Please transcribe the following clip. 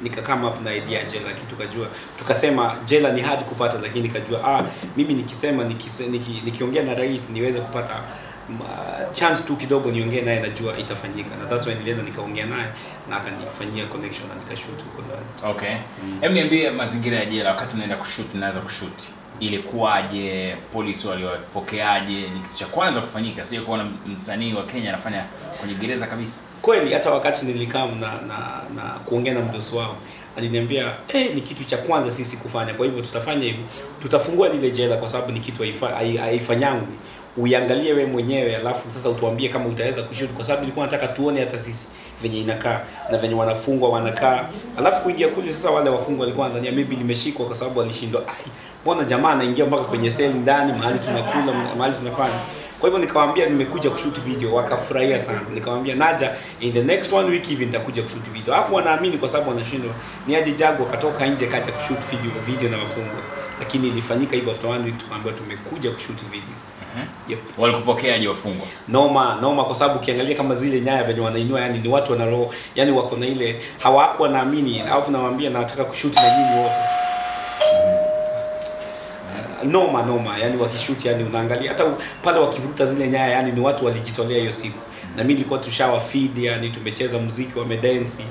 nika come up na idea jela lakini tukajua tukasema jela ni hard kupata lakini kajua ah mimi nikisema nikiongea niki, nikiongea na rais niweze kupata uh, chance tu kidogo niongee naye najua itafanyika na that's why nilienda nikaongea naye na akanifanyia connection na nikashoot huko ndani okay mm. niambie mazingira ya jela wakati unaenda kushoot naweza kushoot ilikuwaje, polisi waliopokeaje Ni kitu cha kwanza kufanyika, sio kuona msanii wa Kenya anafanya kwenye gereza kabisa. Kweli hata wakati nilikaa na, na, na kuongea na mdosi wao aliniambia eh, ni kitu cha kwanza sisi kufanya. Kwa hivyo tutafanya hivi, tutafungua lile jela kwa sababu ni kitu haifanyangu uiangalie wewe mwenyewe alafu sasa utuambie kama utaweza kushoot kwa sababu nilikuwa nataka tuone hata sisi venye inakaa na venye wanafungwa wanakaa alafu kuingia kule sasa wale wafungwa walikuwa wanadhania maybe nimeshikwa kwa sababu walishindwa ai mbona jamaa anaingia mpaka kwenye seli ndani mahali tunakula mahali tunafanya kwa hivyo nikawaambia nimekuja kushoot video wakafurahia sana nikawaambia naja in the next one week hivi nitakuja kushoot video hapo wanaamini kwa sababu wanashindwa ni aje jagu akatoka nje kaja kushoot video video na wafungwa lakini ilifanyika hivyo after one week tukaambiwa tumekuja kushoot video mhm. Yep. Walikupokea je wafungwa noma noma kwa sababu ukiangalia kama zile nyaya venye wanainua yani ni watu wana roho, yani wako na ile hawako wanaamini alafu nawaambia nataka kushoot na nyinyi wote mhm. noma noma yani wakishoot yani unaangalia hata pale wakivuruta zile nyaya yani ni watu walijitolea hiyo siku na mimi nilikuwa tushawa feed yani tumecheza muziki wamedensi